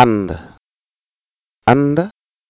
ànd ànd